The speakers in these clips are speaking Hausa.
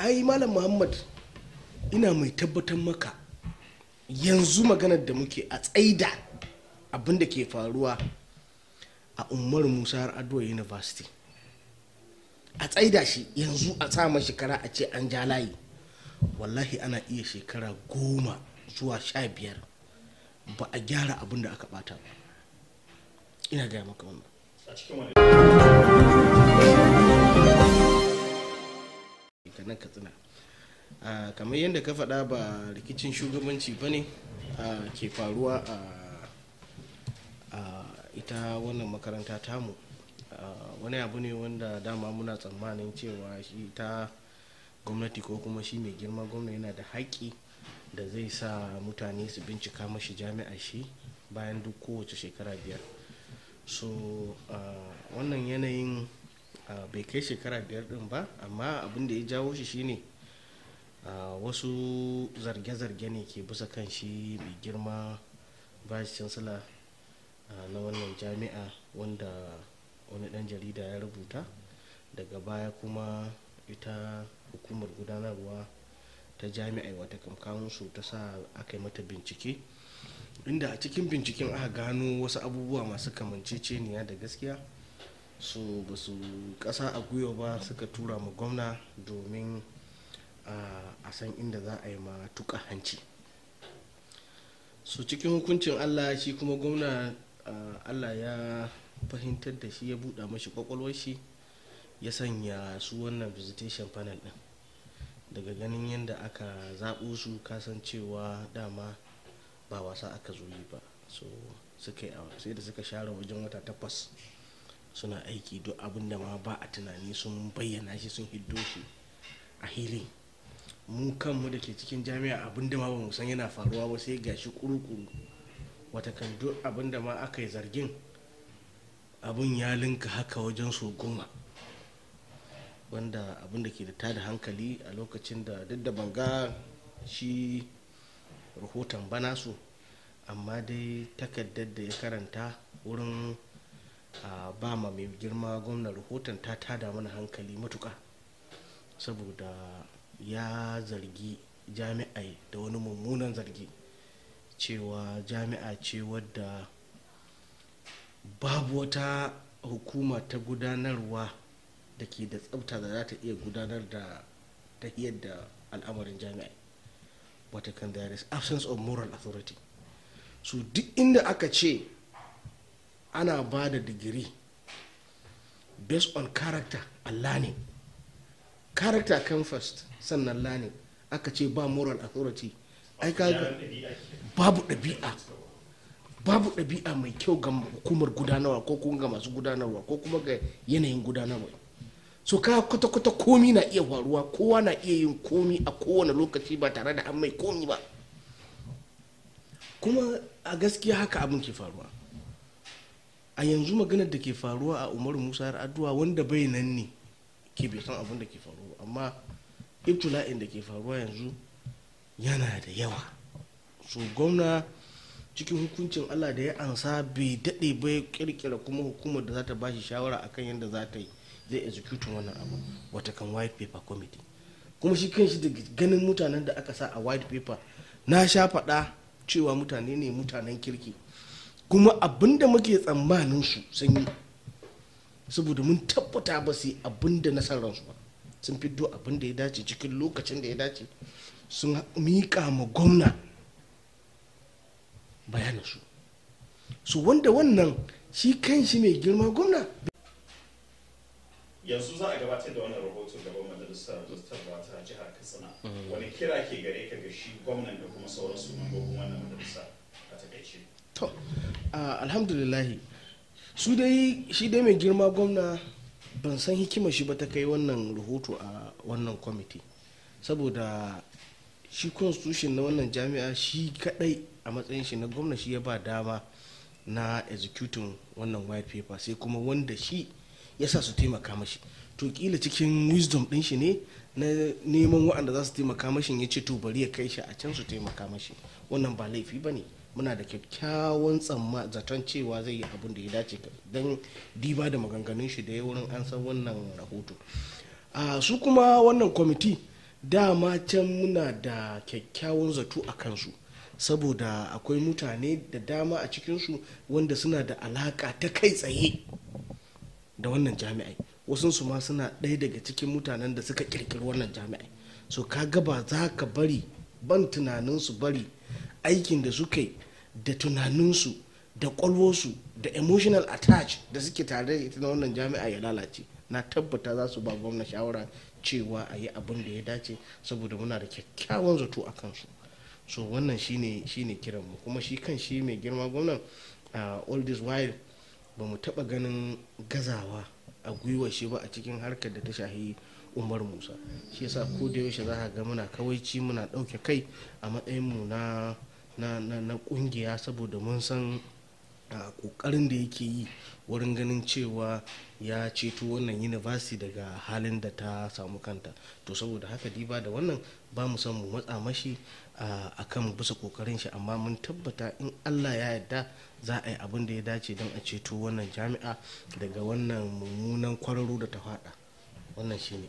ai malam muhammad ina mai tabbatar maka yanzu maganar da muke a tsaida abin da ke faruwa a umar musa adwa university a tsaida shi yanzu a sa shekara a ce an ja layi wallahi ana iya shekara goma zuwa sha biyar ba a gyara abin da aka bata ba ina gaya maka wannan daga nan katsina kamar yadda ka faɗa ba rikicin shugabanci ba ne ke faruwa a ita wannan makaranta tamu wani abu ne wanda dama muna tsammanin cewa shi ta gwamnati ko kuma shi mai girma gwamna yana da haƙƙi da zai sa mutane su bincika mashi jami'a shi bayan duk kowace shekara biyar so wannan yanayin bai kai shekara biyar din ba amma abin da ya jawo shi shine wasu zarge-zarge ne ke bisa kan shi mai girma shi chancellor na wannan jami'a wanda wani dan jarida ya rubuta daga baya kuma ita hukumar gudanarwa ta jami'ai wata kamkanunsu ta sa aka yi mata bincike inda a cikin binciken aka gano wasu abubuwa masu kamanceceniya da gaskiya su ba su kasa a gwiwa ba suka tura mu gwamna domin a san inda za a yi ma tuka hanci su cikin hukuncin allah shi kuma gwamna allah ya fahimtar da shi ya buɗa mashi kwakwalwar shi ya sanya su wannan visitation panel ɗin daga ganin yadda aka zaɓo su kasancewa dama ba wasa aka zo ba so sai da suka share wajen wata takwas suna aiki duk abin da ma ba a tunani sun bayyana shi sun hiddo shi a hili mu kanmu da ke cikin jami'a abin da ma ba mu san yana faruwa ba sai gashi kurukuru watakan duk abin da ma aka yi zargin abin ya linka haka wajen su goma wanda abin da ke da tada hankali a lokacin da duk da banga shi rahoton bana su amma dai takardar da ya karanta wurin a ba ma mai girma gwamna rahoton ta tada mana hankali matuka saboda ya zargi jami'ai da wani mummunan zargi cewa jami'a ce wadda babu wata hukuma ta gudanarwa da ke da tsabta da za ta iya gudanar da tahiyar da al'amarin jami'ai wata kan absence of moral authority so duk inda aka ce ana ba da digiri based on character a ne character come first sannan learning aka ce ba moral authority ai kaga babu ɗabi'a babu ɗabi'a mai kyau ga hukumar gudanarwa ko kuma ga masu gudanarwa ko kuma ga yanayin gudanarwa so ka kwata-kwata komi na iya faruwa kowa na iya yin komi a kowane lokaci ba tare da an mai komi ba kuma a gaskiya haka abin ke faruwa a yanzu maganar da ke faruwa a umar musa addu'a wanda bai nan ne ke bai san abin da ke faruwa amma ibtila'in da ke faruwa yanzu yana da yawa so gwamna cikin hukuncin allah da ya ansa bai daɗe bai kirkira kuma hukumar da za ta bashi shawara akan yadda za ta yi zai execute wannan abu wata kan white paper committee kuma shi kanshi da ganin mutanen da aka sa a white paper na sha faɗa cewa mutane ne mutanen kirki kuma abinda muke tsammanin su sun yi saboda mun tabbata ba su abin abinda na san ba sun abin abinda ya dace cikin lokacin da ya dace sun miƙa ma gwamna bayanin su su wanda wannan shi kan shi mai girma gwamna yanzu za a gabatar da wannan rahoton gaban majalisar da ta jihar katsina mm. wani kira ke gare ka ga shi gwamnan da kuma sauransu mambobin wannan majalisa a takaice to alhamdulillahi su dai shi dai mai girma gwamna ban san hikimar shi ba ta kai wannan rahoto a wannan kwamiti saboda shi constitution na wannan jami'a shi kadai a matsayin shi na gwamna shi ya ba dama na executing wannan white paper sai kuma wanda shi ya sa su taimaka mashi to kila cikin wisdom din shi ne na neman waɗanda za su taimaka mashi ya ce to bari ya kai shi a can su taimaka mashi wannan ba laifi ba ne muna da kyakkyawan tsamma zaton cewa zai yi abin da ya dace don diba da maganganun shi da ya wurin an san wannan rahoto a su kuma wannan kwamiti dama can muna da kyakkyawan zato a kansu saboda akwai mutane da dama a cikinsu wanda suna da alaka ta kai tsaye da wannan jami'ai wasunsu ma suna ɗaya daga cikin mutanen da suka ƙirƙiri wannan jami'ai so ka gaba za ka bari ban tunaninsu bari aikin da suka da tunaninsu da kwalwosu da emotional attach da suke tare da ita na wannan jami'a ya lalace na tabbata za su ba gwamna shawara cewa a yi abin da ya dace saboda muna da kyakkyawan zato a kansu so wannan shine shine kiranmu kuma shi kan shi mai girma gwamnan uh, all this while ba mu taɓa ganin gazawa a gwiwar shi ba a cikin harkar da ta shahi umar musa shi yasa ko da yaushe za ga muna kawai ci muna ɗauke kai a matsayin mu na na kungiya saboda mun san kokarin da yake yi wurin ganin cewa ya ceto wannan university daga halin da ta samu kanta to saboda haka diba da wannan ba mu san mu matsa mashi a kan bisa kokarin shi amma mun tabbata in allah ya yadda za a yi abin da ya dace don a ceto wannan jami'a daga wannan mummunan kwararo da ta fada wannan shine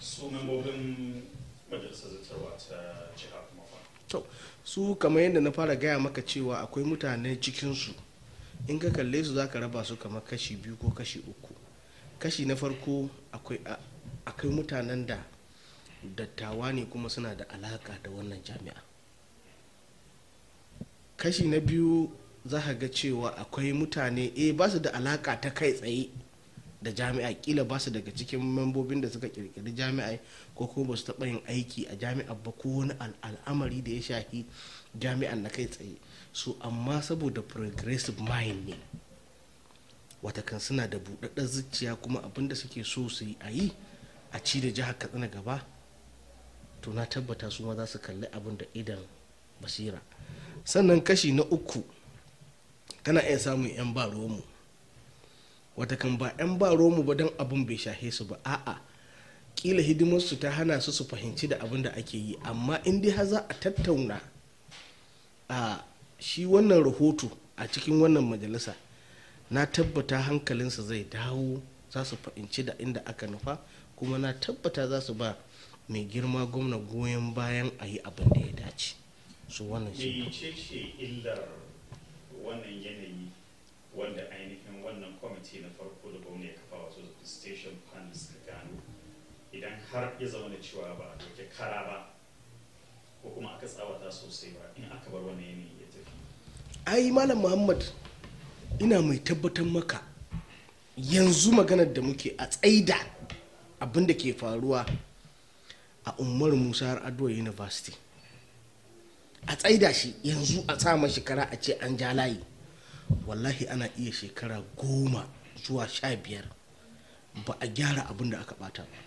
su membobin majalisar zartarwa ta jihar kuma to su kamar yadda na fara gaya maka cewa akwai mutane cikinsu in ka kalle su za ka raba su kamar kashi biyu ko kashi uku kashi na farko akwai mutanen da dattawa ne kuma suna da alaka da wannan jami'a kashi na biyu za ka ga cewa akwai mutane eh ba su da alaka ta kai tsaye da jami'a kila ba su daga cikin mambobin da suka kirkiri jami'a ko kuma ba su taɓa yin aiki a jami'a ba ko wani al'amari da ya shafi jami'an na kai tsaye su amma saboda progressive mind ne watakan suna da buɗaɗɗen zuciya kuma abin da suke so su yi a yi a ci da jihar katsina gaba to na tabbata su ma za su kalli abin da idan basira sannan kashi na uku kana iya samun 'yan ba mu watakan ba 'yan ba romu ba don abin bai shahe su ba a'a kila hidimarsu ta hana su su fahimci da abin da ake yi amma in dai ha za a tattauna a shi wannan rahoto a cikin wannan majalisa na tabbata hankalinsa zai dawo za su fahimci da inda aka nufa kuma na tabbata za su ba mai girma gwamna goyon bayan a yi abin da ya dace su wannan shi illar wannan yanayi wanda kwamiti na farko da gwamna ya kafa wato visitation panel suka gano idan har ya zama da cewa ba a doke kara ba ko kuma aka tsawata sosai ba in aka bar wani yanayi ya tafi ai malam muhammad ina mai tabbatar maka yanzu maganar da muke a tsaida abin da ke faruwa a umar musa har adwa university a tsaida shi yanzu a sa mashi kara a ce an ja layi wallahi ana iya shekara goma zuwa sha biyar ba a gyara abin da aka bata ba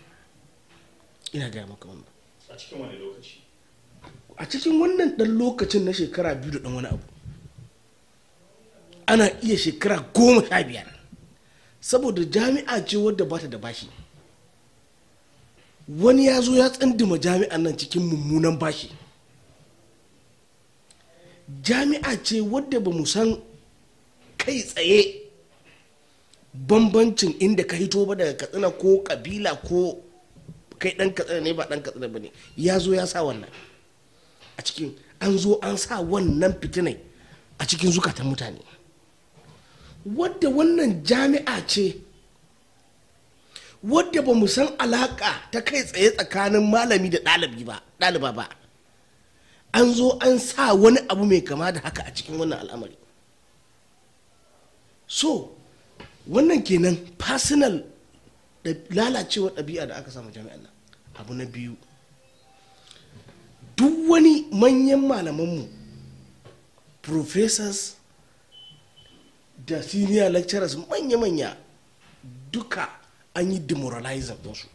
ina gaya maka wannan a wani lokaci a cikin wannan dan lokacin na shekara biyu da dan wani abu ana iya shekara goma sha biyar saboda jami'a ce wadda bata da bashi wani ya zo ya tsandima jami'an nan cikin mummunan bashi jami'a ce wadda ba san kai tsaye bambancin inda ka hito ba daga katsina ko kabila ko kai dan katsina ne ba dan katsina ba ne ya zo ya sa wannan a cikin an zo an sa wannan fitinai a cikin zukatan mutane wadda wannan jami'a ce wadda ba mu san alaka ta kai tsaye tsakanin malami da ɗalibi ɗaliba ba an zo an sa wani abu mai kama da haka a cikin wannan al'amari so wannan kenan personal da lalacewa ɗabi'a da aka samu jami'an nan abu na biyu duk wani manyan malamanmu professors da senior lecturers manya-manya duka an yi demoralizer su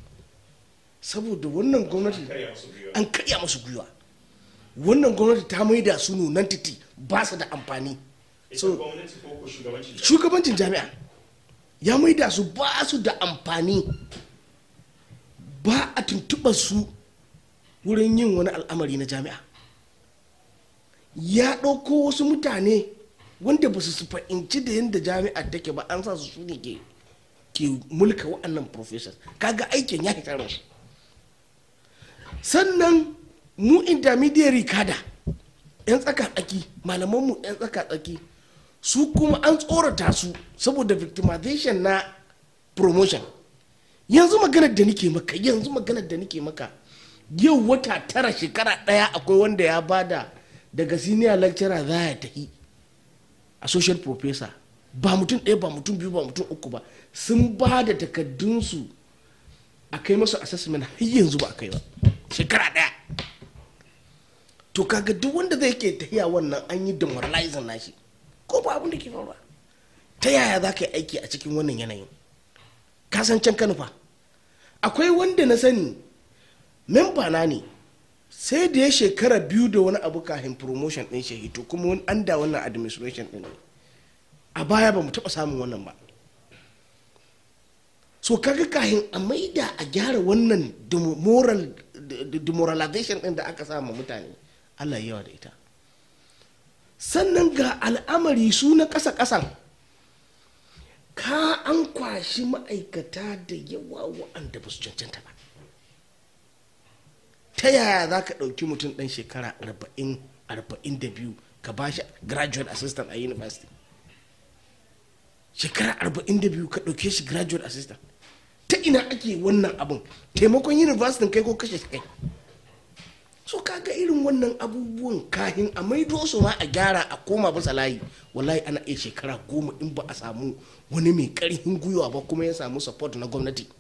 saboda wannan gwamnati an karya masu gwiwa wannan gwamnati ta maida su titi ba su da amfani so shugabancin jami'a ya maida su ba su da amfani ba a tuntuɓa su wurin yin wani al'amari na jami'a ya ɗauko wasu mutane wanda ba su fahimci da yadda jami'a take ba an sa su su ne ke mulka wa'annan professors kaga aikin ya fitar su sannan mu intermediary kada 'yan tsaka tsaki malamanmu 'yan tsaka tsaki su kuma an tsorata su saboda victimization na promotion yanzu maganar da nike maka yanzu maganar da nike maka yau wata tara shekara daya akwai wanda ya bada daga senior lecturer za ya tafi associate professor ba mutum ɗaya ba mutum biyu ba mutum uku ba sun ba da takaddunsu a kai masu assessment har yanzu ba a kai ba shekara ɗaya to kaga duk wanda zai ke tahiya wannan an yi demoralizing nashi shi ko ba abin da ke faruwa ta yaya za ka yi aiki a cikin wannan yanayin kasancen kanufa akwai wanda na sani memba na ne sai da ya shekara biyu da wani abu kafin promotion din shi kuma wani an da wannan administration din a baya ba mu taɓa samun wannan ba so kaga kahin a maida a gyara wannan demoralization din da aka sa ma mutane allah yawa da ita sannan ga al'amari su na ƙasa ƙasan ka an kwashi ma'aikata da yawa wa'anda ba su cancanta ba ta yaya za ka ɗauki mutum ɗan shekara 42 ka ba shi graduate assistant a university shekara 42 ka ɗauke shi graduate assistant ta ina ake wannan abin taimakon university kai ko kashe kai so kaga irin wannan abubuwan kahin a maido su ma a gyara a koma ba layi wallahi ana iya shekara goma in ba a samu wani mai karhin gwiwa ba kuma ya samu support na gwamnati